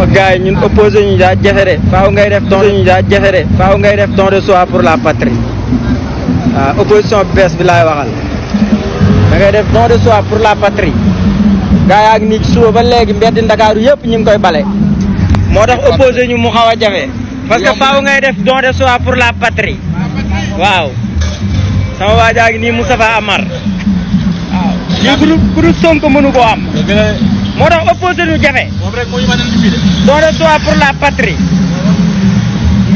wax gaay ñun opposé ñu ja jafé faaw ngay def don ñu ja jafé faaw ngay def de soi pour la patrie ah opposition bes bi lay waxal da ngay def de soi pour la patrie gaay ak ni suba ba légui mbéd ndakaru yépp ñing koy balé motax opposé ñu mu xawa jafé parce que faaw ngay def de soi pour la patrie waaw sama wajah ini ni Amar ya li groupe groupe ko am moro opposé ñu jafe doole soi pour la patrie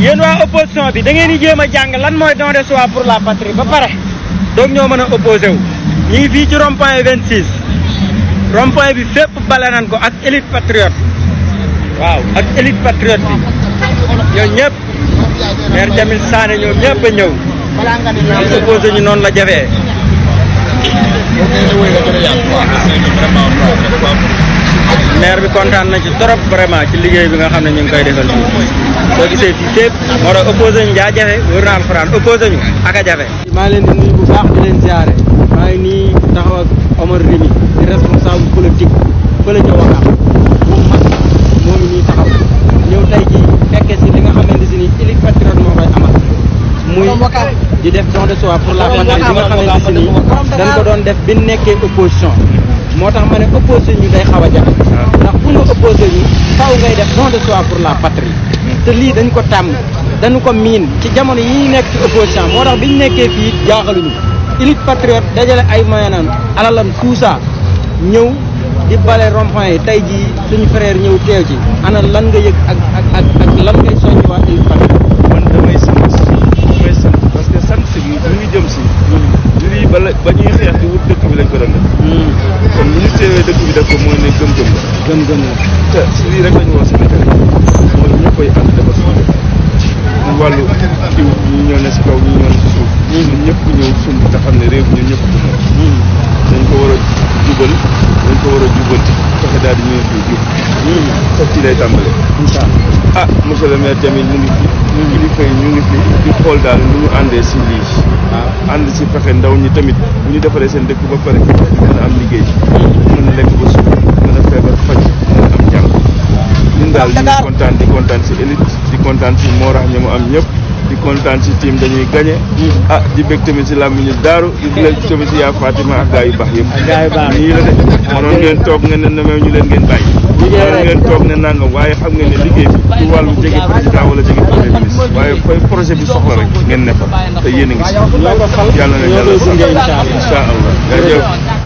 yéen waa opposition bi da ngeen di jéem a jàng lan mooy don de pour la patrie ba pare doog ñoo mën a opposé wu ñu ngi fii ci rond point 26 rond point bi fépp bale nan ko ak élite patriote waaw ak élite patriote bi ñoom ñëpp maire Jamil Sané ñoom ñëpp a ñëw ñu opposé ñu noonu la jafee Thank you. maire bi kontaan na ci trop vraiment ci liggéey bi nga xam ne ñu ngi koy defal fii soo gisee fii fépp moo tax opposé ñu jaa jafe wër naa alxuraan opposé ñu a jafe. baax di leen ziare maa ngi nii taxaw ak Omar Rémy di responsable moo si li nga xamante si ni di def don de soi pour la patrie ko doon def bi nekkee opposition. moo tax ma ne opposé ñu day xaw a jafe ndax pour nga opposé ñu ngay def don de pour la patrie te lii dañ ko tàmm dañu ko miin ci jamono yi nekk ci opposition moo tax bi ñu nekkee fii jaaxaluñu élite patriote dajale ay moyenam alalam tout ça ñëw di bale rond-point yi tey jii suñu frère ñëw teew ci ana lan nga yëg ak ak ak ak lan ngay soññ waa élite patriote man damay sant damay sant parce si bi ñu jëm hmm. ba ñuy xeex ko mooy ne gëm-gëm la. gëm-gëm la. te lii rek la ñu wax Sénégal yi mooy ñëpp koy ànd defar suñu ci wàllu kiw ñu ñëw ne si kaw ñu ñëw ne si suuf. Hmm. ñun ñëpp ñëw sumb te xam ne réew mi ñun ñëpp ko moom. Hmm. dañ ko war dañ ko war a jubal fexe daal di ñëw fii jub. sax ci lay tàmbalee. Ah, mu ñu hmm. xool daal ñu àndee si lii. ànd si fexe ndaw ñi tamit bu ñu defaree seen dëkku ba pare mën a am liggéey mën a lekk ba suuf mën a feebar faj mën a am jàng ñun daal ñu ngi kontaan di kontaan si élite di kontaan si mooraax ñi mu am ñëpp kontaan si team dañuy gagné. ah di bëgg tamit si làmmiñu daaru di bëgg tamit si yaa Fatima ak gaa yu baax yëpp. gaa yu la de. mënoon ngeen toog ne ne meew ñu leen ngeen bàyyi. mënoon ngeen toog ne nangam waaye xam ngeen ne liggéey bi ci wàllu jege président wala jege premier ministre waaye fay projet bi soxla rek ngeen ne fa te yéen a ngi si. yàlla na yàlla incha allah